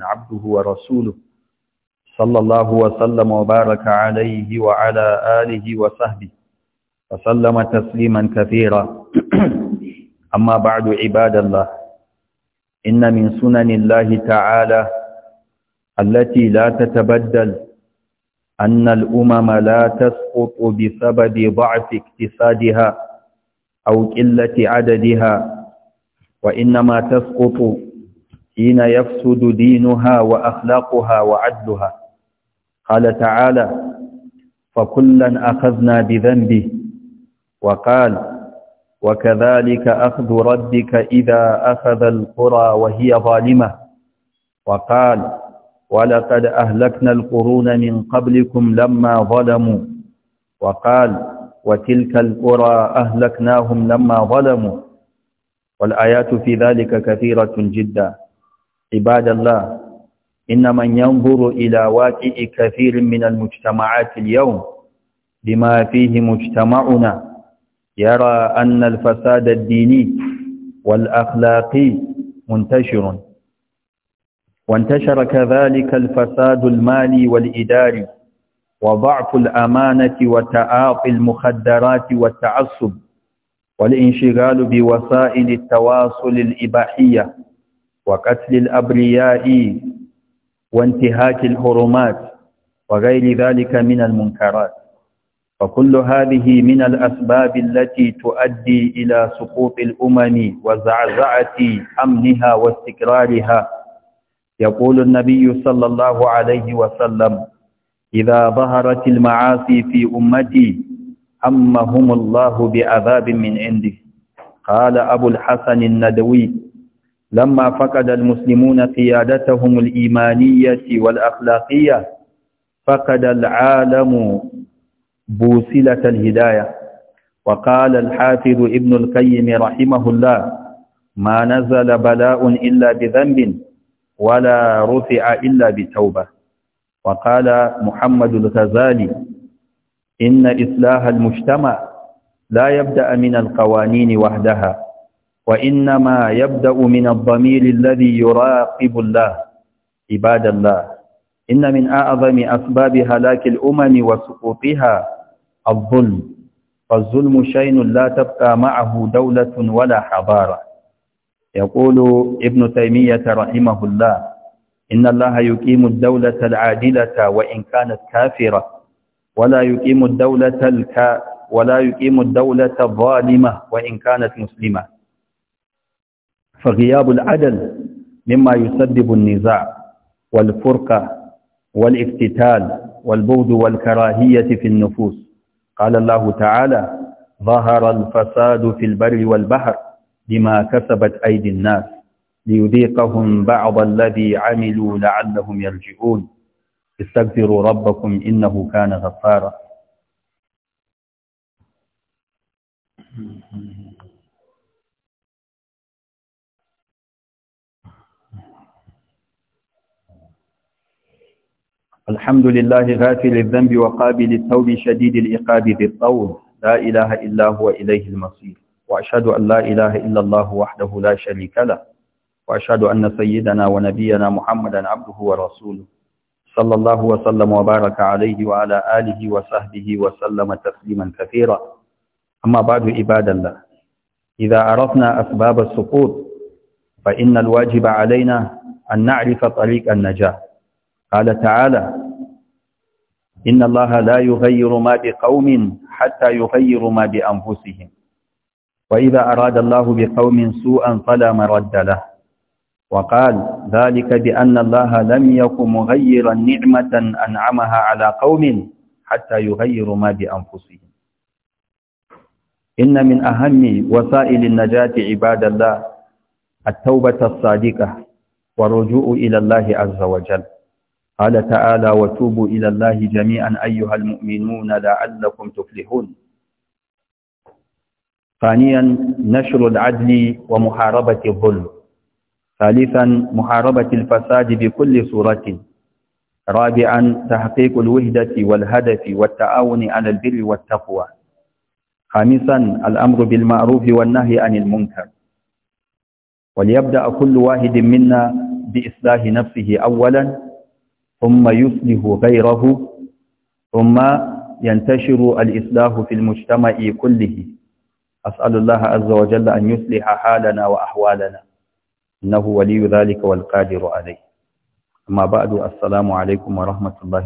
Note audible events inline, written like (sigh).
عبده ورسوله صلى الله وسلم وبارك عليه وعلى آله وصحبه وسلم تسليما كثيرا (clears throat) أما بعد عباد الله إن من سنن الله تعالى التي لا تتبدل أن الأمم لا تسقط بسبب ضعف اقتصادها أو قلة عددها وإنما تسقط حين يفسد دينها وأخلاقها وعدلها قال تعالى فكلا أخذنا بذنبه وقال وكذلك أخذ ربك إذا أخذ القرى وهي ظالمة وقال ولقد أهلكنا القرون من قبلكم لما ظلموا وقال وتلك القرى أهلكناهم لما ظلموا والآيات في ذلك كثيرة جدا عباد الله إن من ينظر إلى واقع كثير من المجتمعات اليوم بما فيه مجتمعنا يرى أن الفساد الديني والأخلاقي منتشر وانتشر كذلك الفساد المالي والإداري وضعف الأمانة وتعاطي المخدرات والتعصب والانشغال بوسائل التواصل الإباحية وقتل الأبرياء وانتهاك الحرمات وغير ذلك من المنكرات فكل هذه من الأسباب التي تؤدي إلى سقوط الأمم وزعزعة أمنها واستقرارها يقول النبي صلى الله عليه وسلم إذا ظهرت المعاصي في أمتي أمهم الله بعذاب من عنده قال أبو الحسن الندوي لما فقد المسلمون قيادتهم الإيمانية والأخلاقية فقد العالم بوصلة الهداية وقال الحافظ ابن القيم رحمه الله ما نزل بلاء إلا بذنب ولا رفع إلا بتوبة وقال محمد الغزالي إن إصلاح المجتمع لا يبدأ من القوانين وحدها وإنما يبدأ من الضمير الذي يراقب الله عباد الله إن من أعظم أسباب هلاك الأمم وسقوطها الظلم فالظلم شيء لا تبقى معه دولة ولا حضارة يقول ابن تيمية رحمه الله إن الله يقيم الدولة العادلة وإن كانت كافرة ولا يقيم الدولة الك ولا يقيم الدولة الظالمة وإن كانت مسلمة فغياب العدل مما يسبب النزاع والفرقة والافتتال والبغض والكراهية في النفوس قال الله تعالى ظهر الفساد في البر والبحر بما كسبت أيدي الناس ليذيقهم بعض الذي عملوا لعلهم يرجعون استغفروا ربكم إنه كان غفارا الحمد لله غافل الذنب وقابل التوب شديد العقاب ذي الطول لا إله إلا هو إليه المصير وأشهد أن لا إله إلا الله وحده لا شريك له وأشهد أن سيدنا ونبينا محمدا عبده ورسوله صلى الله وسلم وبارك عليه وعلى آله وصحبه وسلم تسليما كثيرا أما بعد عباد الله إذا عرفنا أسباب السقوط فإن الواجب علينا أن نعرف طريق النجاة قال تعالى إن الله لا يغير ما بقوم حتى يغيروا ما بأنفسهم وإذا أراد الله بقوم سوءا فلا مرد له وقال ذلك بأن الله لم يكن مغيرا نعمة أنعمها على قوم حتى يغيروا ما بأنفسهم إن من أهم وسائل النجاة عباد الله التوبة الصادقة والرجوع إلى الله عز وجل قال تعالى وتوبوا إلى الله جميعا أيها المؤمنون لعلكم تفلحون ثانيا نشر العدل ومحاربة الظلم ثالثا محاربة الفساد بكل صورة رابعا تحقيق الوحدة والهدف والتعاون على البر والتقوى خامسا الأمر بالمعروف والنهي عن المنكر وليبدأ كل واحد منا بإصلاح نفسه أولا ثم يصلح غيره ثم ينتشر الإصلاح في المجتمع كله أسأل الله عز وجل أن يصلح حالنا وأحوالنا إنه ولي ذلك والقادر عليه أما بعد السلام عليكم ورحمة الله وبركاته